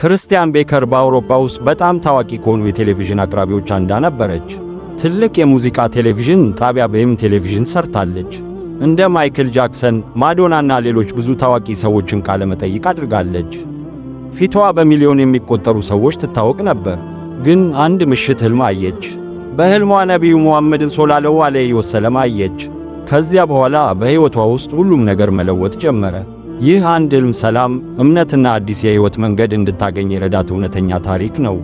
ክርስቲያን ቤከር በአውሮፓ ውስጥ በጣም ታዋቂ ከሆኑ የቴሌቪዥን አቅራቢዎች አንዷ ነበረች። ትልቅ የሙዚቃ ቴሌቪዥን ጣቢያ ወይም ቴሌቪዥን ሰርታለች። እንደ ማይክል ጃክሰን፣ ማዶናና ሌሎች ብዙ ታዋቂ ሰዎችን ቃለ መጠይቅ አድርጋለች። ፊቷ በሚሊዮን የሚቆጠሩ ሰዎች ትታወቅ ነበር። ግን አንድ ምሽት ሕልም አየች። በሕልሟ ነቢዩ ሙሐመድን ሶለላሁ ዐለይሂ ወሰለም አየች። ከዚያ በኋላ በሕይወቷ ውስጥ ሁሉም ነገር መለወጥ ጀመረ። ይህ አንድ ህልም ሰላም፣ እምነትና አዲስ የህይወት መንገድ እንድታገኝ የረዳት እውነተኛ ታሪክ ነው።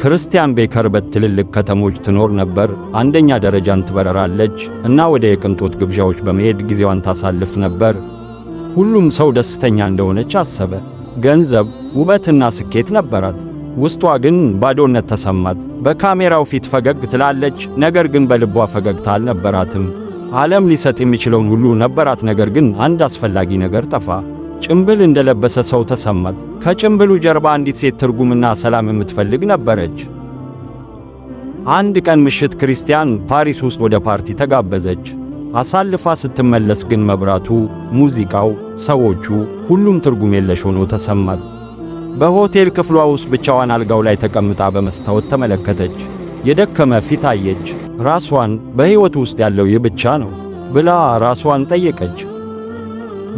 ክርስቲያን ቤከር በትልልቅ ከተሞች ትኖር ነበር። አንደኛ ደረጃን ትበረራለች እና ወደ የቅንጦት ግብዣዎች በመሄድ ጊዜዋን ታሳልፍ ነበር። ሁሉም ሰው ደስተኛ እንደሆነች አሰበ። ገንዘብ፣ ውበትና ስኬት ነበራት። ውስጧ ግን ባዶነት ተሰማት። በካሜራው ፊት ፈገግ ትላለች፣ ነገር ግን በልቧ ፈገግታ አልነበራትም። ዓለም ሊሰጥ የሚችለውን ሁሉ ነበራት። ነገር ግን አንድ አስፈላጊ ነገር ጠፋ። ጭምብል እንደለበሰ ሰው ተሰማት። ከጭምብሉ ጀርባ አንዲት ሴት ትርጉምና ሰላም የምትፈልግ ነበረች። አንድ ቀን ምሽት ክርስቲያን ፓሪስ ውስጥ ወደ ፓርቲ ተጋበዘች። አሳልፋ ስትመለስ ግን መብራቱ፣ ሙዚቃው፣ ሰዎቹ ሁሉም ትርጉም የለሽ ሆኖ ተሰማት። በሆቴል ክፍሏ ውስጥ ብቻዋን አልጋው ላይ ተቀምጣ በመስታወት ተመለከተች። የደከመ ፊት አየች። ራስዋን በሕይወት ውስጥ ያለው ይህ ብቻ ነው ብላ ራስዋን ጠየቀች።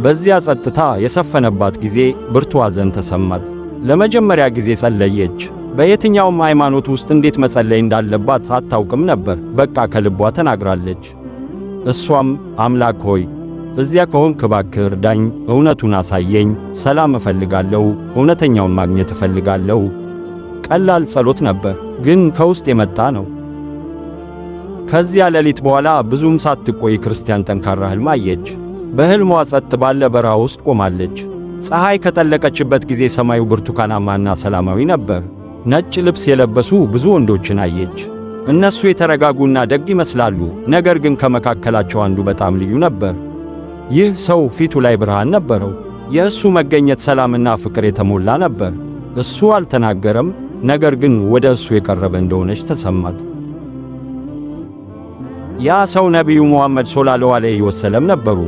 በዚያ ጸጥታ የሰፈነባት ጊዜ ብርቱ ሐዘን ተሰማት። ለመጀመሪያ ጊዜ ጸለየች። በየትኛውም ሃይማኖት ውስጥ እንዴት መጸለይ እንዳለባት አታውቅም ነበር። በቃ ከልቧ ተናግራለች። እሷም አምላክ ሆይ እዚያ ከሆንክ እባክህ እርዳኝ፣ እውነቱን አሳየኝ፣ ሰላም እፈልጋለሁ፣ እውነተኛውን ማግኘት እፈልጋለሁ። ቀላል ጸሎት ነበር። ግን ከውስጥ የመጣ ነው። ከዚያ ሌሊት በኋላ ብዙም ሳትቆይ ክርስቲያን ጠንካራ ሕልም አየች። በሕልሟ ጸጥ ባለ በረሃ ውስጥ ቆማለች። ፀሐይ ከጠለቀችበት ጊዜ ሰማዩ ብርቱካናማና ሰላማዊ ነበር። ነጭ ልብስ የለበሱ ብዙ ወንዶችን አየች። እነሱ የተረጋጉና ደግ ይመስላሉ፣ ነገር ግን ከመካከላቸው አንዱ በጣም ልዩ ነበር። ይህ ሰው ፊቱ ላይ ብርሃን ነበረው። የእሱ መገኘት ሰላምና ፍቅር የተሞላ ነበር። እሱ አልተናገረም፣ ነገር ግን ወደ እሱ የቀረበ እንደሆነች ተሰማት። ያ ሰው ነቢዩ ሙሐመድ ሶለላሁ ዐለይሂ ወሰለም ነበሩ።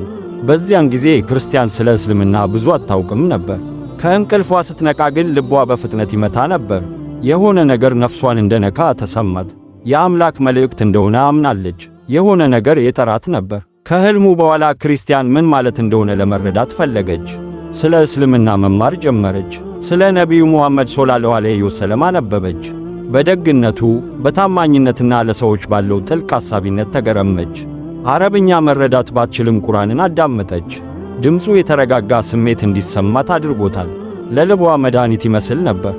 በዚያን ጊዜ ክርስቲያን ስለ እስልምና ብዙ አታውቅም ነበር። ከእንቅልፏ ስትነቃ ግን ልቧ በፍጥነት ይመታ ነበር። የሆነ ነገር ነፍሷን እንደነካ ተሰማት። የአምላክ መልእክት እንደሆነ አምናለች። የሆነ ነገር የጠራት ነበር። ከህልሙ በኋላ ክርስቲያን ምን ማለት እንደሆነ ለመረዳት ፈለገች። ስለ እስልምና መማር ጀመረች። ስለ ነቢዩ ሙሐመድ ሶለላሁ ዐለይሂ ወሰለም አነበበች። በደግነቱ በታማኝነትና ለሰዎች ባለው ጥልቅ አሳቢነት ተገረመች። አረብኛ መረዳት ባትችልም ቁርአንን አዳመጠች። ድምፁ የተረጋጋ ስሜት እንዲሰማት አድርጎታል። ለልቧ መድኃኒት ይመስል ነበር።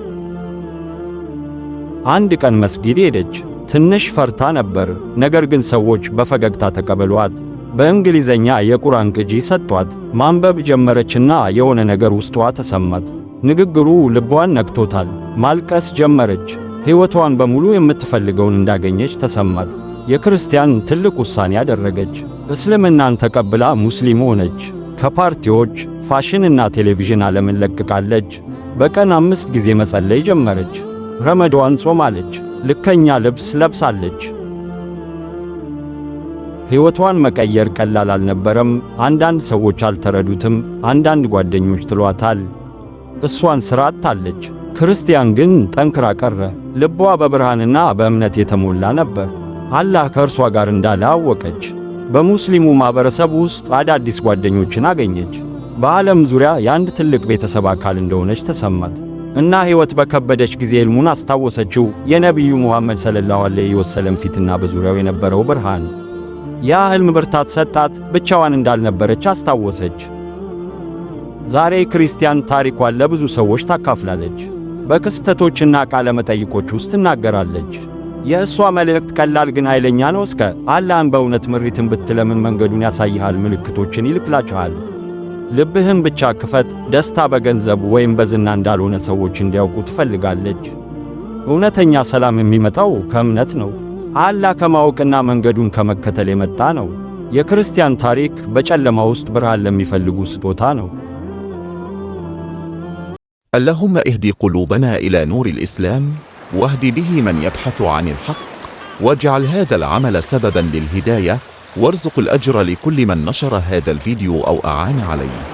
አንድ ቀን መስጊድ ሄደች። ትንሽ ፈርታ ነበር፣ ነገር ግን ሰዎች በፈገግታ ተቀበሏት። በእንግሊዘኛ የቁራን ቅጂ ሰጥቷት ማንበብ ጀመረችና የሆነ ነገር ውስጧ ተሰማት። ንግግሩ ልቧን ነክቶታል። ማልቀስ ጀመረች። ሕይወቷን በሙሉ የምትፈልገውን እንዳገኘች ተሰማት። የክርስቲያን ትልቅ ውሳኔ አደረገች። እስልምናን ተቀብላ ሙስሊም ሆነች። ከፓርቲዎች ፋሽንና ቴሌቪዥን ዓለምን ለቅቃለች። በቀን አምስት ጊዜ መጸለይ ጀመረች። ረመዷን ጾማለች። ልከኛ ልብስ ለብሳለች። ሕይወቷን መቀየር ቀላል አልነበረም። አንዳንድ ሰዎች አልተረዱትም። አንዳንድ ጓደኞች ትሏታል እሷን ሥራ አጥታለች። ክርስቲያን ግን ጠንክራ ቀረ። ልቧ በብርሃንና በእምነት የተሞላ ነበር። አላህ ከእርሷ ጋር እንዳለ አወቀች። በሙስሊሙ ማኅበረሰብ ውስጥ አዳዲስ ጓደኞችን አገኘች። በዓለም ዙሪያ የአንድ ትልቅ ቤተሰብ አካል እንደሆነች ተሰማት እና ሕይወት በከበደች ጊዜ ሕልሙን አስታወሰችው፣ የነቢዩ ሙሐመድ ሰለላሁ ዐለይሂ ወሰለም ፊትና በዙሪያው የነበረው ብርሃን ያ ሕልም ብርታት ሰጣት፣ ብቻዋን እንዳልነበረች አስታወሰች። ዛሬ ክርስቲያን ታሪኳን ለብዙ ሰዎች ታካፍላለች፣ በክስተቶችና ቃለ መጠይቆች ውስጥ ትናገራለች። የእሷ መልእክት ቀላል ግን ኃይለኛ ነው። እስከ አላህን በእውነት ምሪትን ብትለምን መንገዱን ያሳይሃል፣ ምልክቶችን ይልክላችኋል። ልብህን ብቻ ክፈት። ደስታ በገንዘብ ወይም በዝና እንዳልሆነ ሰዎች እንዲያውቁ ትፈልጋለች። እውነተኛ ሰላም የሚመጣው ከእምነት ነው። አላ ከማወቅና መንገዱን ከመከተል የመጣ ነው። የክርስቲያን ታሪክ በጨለማ ውስጥ ብርሃን ለሚፈልጉ ስጦታ ነው። اللهم اهد قلوبنا إلى نور الإسلام واهد به من يبحث عن الحق واجعل هذا العمل سببا للهداية وارزق الأجر لكل من نشر هذا الفيديو أو أعان عليه